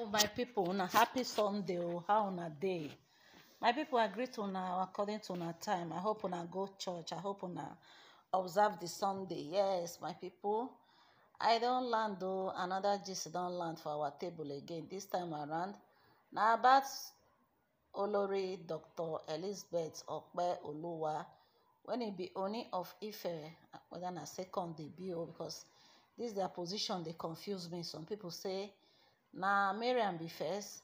so oh, my pipo una happy sunday o oh, how una dey my people agree to una according to una time i hope una go church i hope una observe the sunday yes my people. i don't land though another gist Don't land for our table again this time around Now about olori dr elizabeth okpe oluwa wen e be only of ife weda a second debut oh, because this becos dis position they confuse me some people say na Miriam be first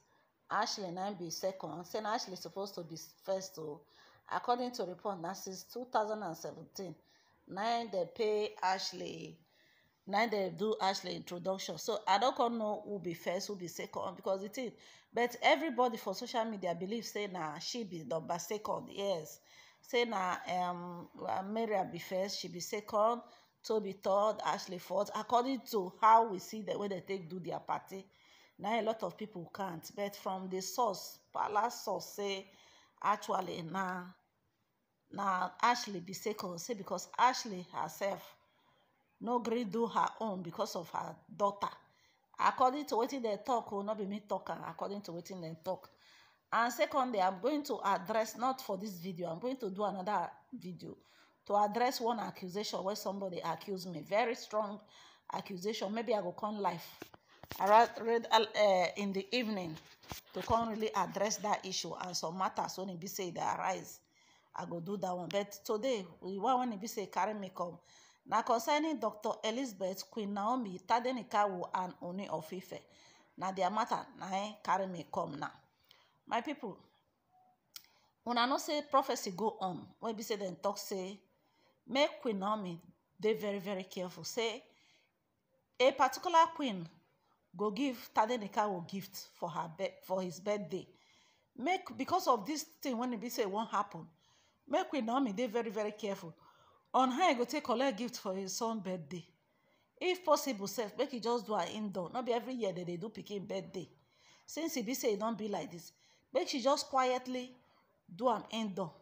ashley na be second say na ashley suppose to be first o oh. according to report na since two thousand and seventeen na dem pay ashley na dem do ashley introduction so i don come know who be first who be second because the thing but everybody for social media believe say na she be number second yes say na um, mariam be first she be second toby third ashley fourth according to how we see dem when they take do their party na a lot of people can't, but from the source palace source say actually na na ashley second say because ashley herself no gree do her own because of her daughter according to wetin dem talk, o no be me tok am according to wetin dem talk, and secondly i'm going to address not for this video i'm going to do another video to address one accusation wey somebody accuse me very strong accusation maybe i go come live I read uh, uh, in the evening to come really address that issue and some matters when it be say they arise. I go do that one. But today, we want when it be say carry me come. Now concerning Dr. Elizabeth, Queen Naomi, Tadenikawu, and Oni of Ife. Now their matter, now eh, carry me come now. My people, una know say prophecy go on when be say dem talk say make queen naomi dey very very careful say a particular queen go give Tadenikawo gift for her for his birthday make because of this thing when e be say won't happen make queen naomi they very very careful on how e go take collect gift for his son birthday if possible sef make he just do her indoor Not be every year that they do picking birthday since e be say e don be like this, make she just quietly do am indoor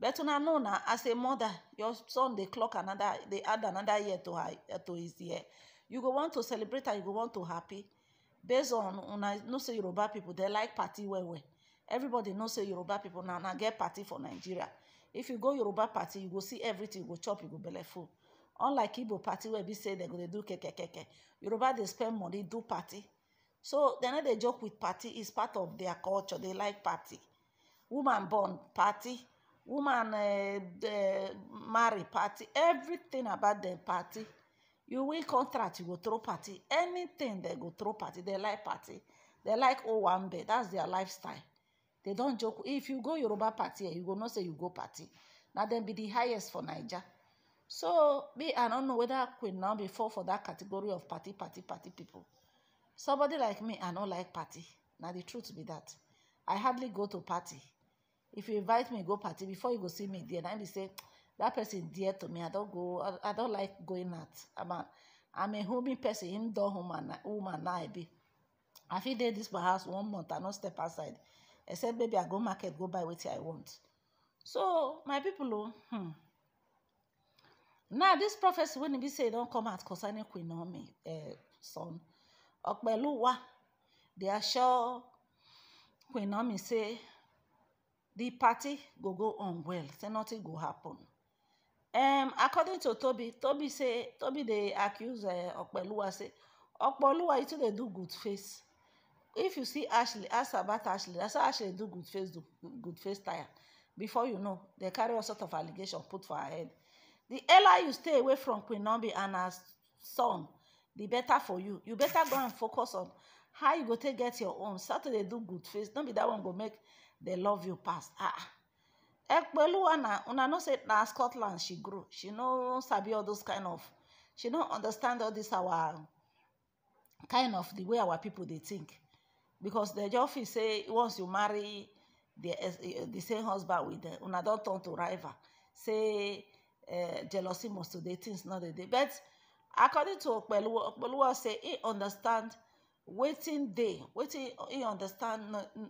but una know na as a mother your son they clock another they add another year to her to his year you go want to celebrate and you go want to happy based on una know say yoruba pipo dem like party well well everybody know say yoruba pipo na na get party for nigeria if you go yoruba party you go see everything you go chop you go belle full unlike igbo party wey be say dem go dey do kekekeke yoruba dey spend money do party so dem no dey joke with party is part of their culture they like party woman born party woman eh, marry party everything about the party you win contract you go throw party anything they go throw party They like party They like owambe that's their lifestyle they don't joke if you go yoruba party eh, you go not say you go party Now dem be the highest for naija so me i don't know whether queen now before for that category of party party party people somebody like me i don't like party Now the truth be that i hardly go to party if you invite me go party before you go see me there I be say that person dear to me i don't go i, I don like going out i'm a i'm a homey person him don woman woman na i be i fit dey this my house one month i no step outside except maybe i go market go buy wetin i want so my people o oh, hmm. now this prophecy wey e be say e don come out concerning queen naomi uh, son ọpẹlúwa dey assure queen naomi say the party go go on well say nothing go happen um according to toby toby say toby They accuse uh, eh, Okpeluwa say Okpeluwa you too dey do good face if you see ashley ask about ashley that's how ashley do good face do good face tire before you know they carry all sort of allegation put for her head the earlier you stay away from Queen Naomi and her son the better for you you better go and focus on how you go take get your own saturday do good face no be that one go make dem love you past. ah ekpeluwa na una know say na scotland she grew, she no sabi all those kind of she no understand all this our kind of the way our people they think because the just feel say once you marry the the same husband with dem una don turn to rival say eh, jealousy must to the things no dey dey but according to okpeluwa okpeluwa say he understand waiting day, waiting he understand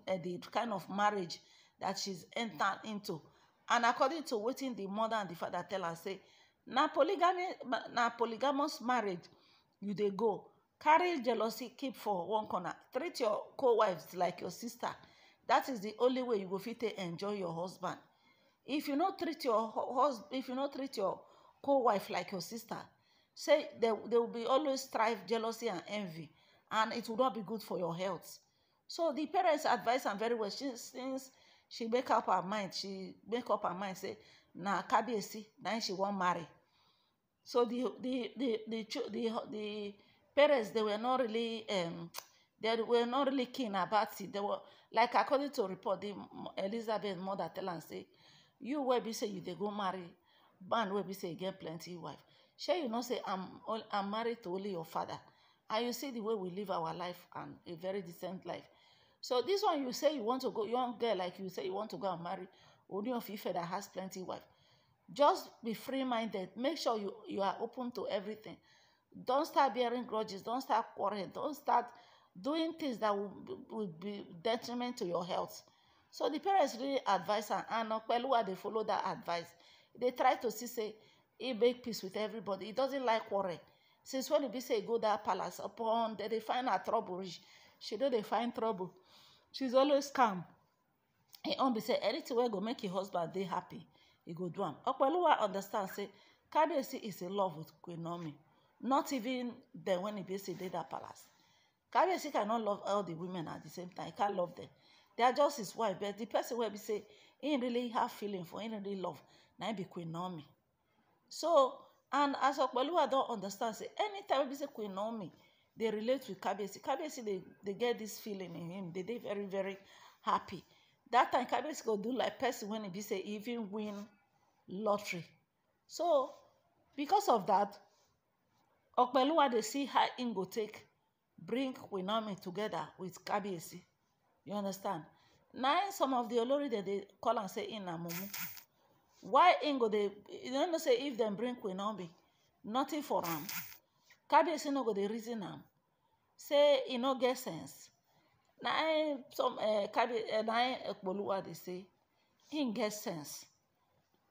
eh, the kind of marriage that she's entered into and according to wetin the mother and the father tell her say na polygamy na polygamous marriage you they go carry jealousy keep for one corner treat your co-wives like your sister that is the only way you will fit take enjoy your husband if you not treat your husband if you not treat your co-wife like your sister say there there will be always strife jealousy and envy and it will not be good for your health so the parents advise am very well since since she make up her mind she make up her mind say na kabiyesi na him she wan marry so the the the the the the parents they were not really um, they were not really keen about it they were like according to report the elizabeth mother tell am say you wey be say you dey go marry man wey be say e get plenty wife shey you know say i'm i'm married to only your father and you see the way we live our life and a very decent life So this one you say you want to go, young girl like you say you want to go and marry only of Ife that has plenty wife. Just be free-minded. Make sure you, you are open to everything. Don't start bearing grudges. Don't start quarreling. Don't start doing things that will, will be detriment to your health. So the parents really advise her, and Okpelua, they follow that advice. They try to see, say, he make peace with everybody. He doesn't like quarrel. Since when he be say go that palace upon, they, they find her trouble. She know they find trouble she's always calm e own um, be say anything wey go make im husband dey happy e go do am ọpẹlúwa understand say kábíyèsí is in love with queen naomi not even then when ibese dey that palace kábíyèsí cannot love all the women at the same time he can't love them they are just his wife but the person wey be say he really have feeling for him really love na him be queen naomi so and as ọpẹlúwa don understand say anytime wey be say queen naomi They relate with kabiyesi kabiyesi they they get this feeling in him They they very very happy that time kabiyesi go do like person when he say even win lottery so because of that Ọpẹ́lúwa they see how im go take bring Queen together with Kabiyesi you understand Now some of the olori they dey call and say im na mumu why ingo they? dey you no know say if them bring Queen nothing for them kabiyesi no go dey reason am say e no get sense na im e some eh, kabie eh, na im e ekpoluwa dey say im get sense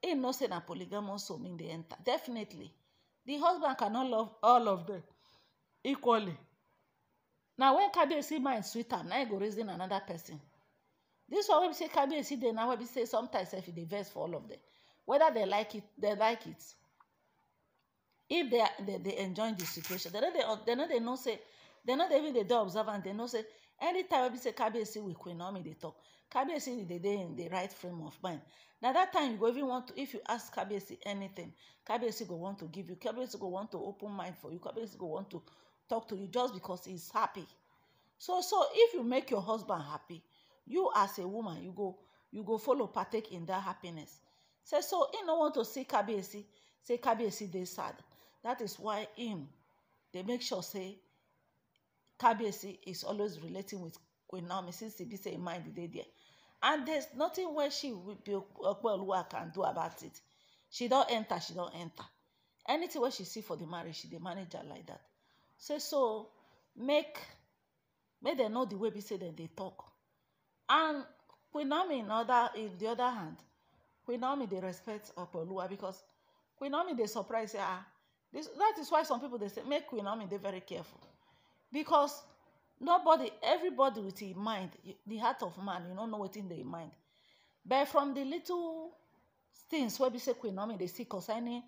im know say na polygamous home im dey enter definitely the husband cannot love all of them equally na when kabiyesi mind sweet am na im e go reason another person this one wey be say kabiyesi dey na wey be say sometimes sef e dey vex for all of them whether they like it they like it if they they dey enjoy the situation dem no they know say they no dey even they dey observe and they know say anytime wey be say kabiyesi with queen naomi dey talk kabiyesi they they in the right frame of mind Now that time you go even want to if you ask kabiyesi anything kabiyesi go want to give you kabiyesi go want to open mind for you kabiyesi go want to talk to you just because he's happy so so if you make your husband happy you as a woman you go you go follow partake in that happiness say so he no want to see kabiyesi say kabiyesi dey sad that is why him they make sure say kabiyesi is always relating with queen since e be say im mind day there and there's nothing where she will Opeoluwa can do about it she don't enter she don't enter anything where she see for the marriage she the manager like that say so make make them know the way be say then they talk and queen naomi in other in the other hand queen they respect Opeoluwa because queen they surprise her. ah this that is why some people they say make Queen Naomi they very careful because nobody everybody with im mind the heart of man you no know wetin dey im mind but from the little things where be say Queen Naomi they see concerning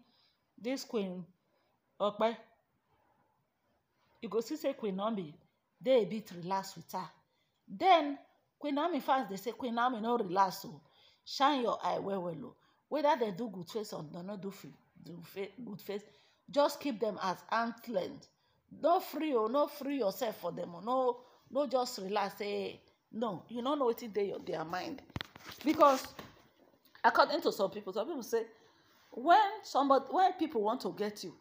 this Queen Okay, you go see say Queen Naomi they a bit relaxed with her then Queen Naomi fans they say Queen Naomi no relax o oh. shine your eye well well o oh. whether they do good face or dem no do, do good face just keep them as arm's length no free o no free yourself for them no no just relax say no you don't know what in their mind because according to some people some people say when somebody when people want to get you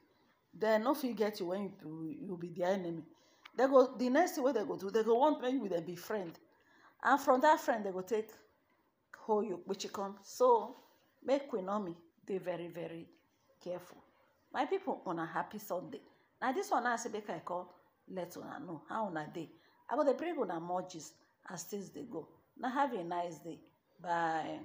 they no feel get you when you you be their enemy They go the next way. They go to they go want make you dem be friend and from that friend they go take hold you come. so make know me dey very very careful. my pipo una happy sunday na dis one i say make i call let una know how una dey i go dey bring una more gist as things dey go na have a nice day bye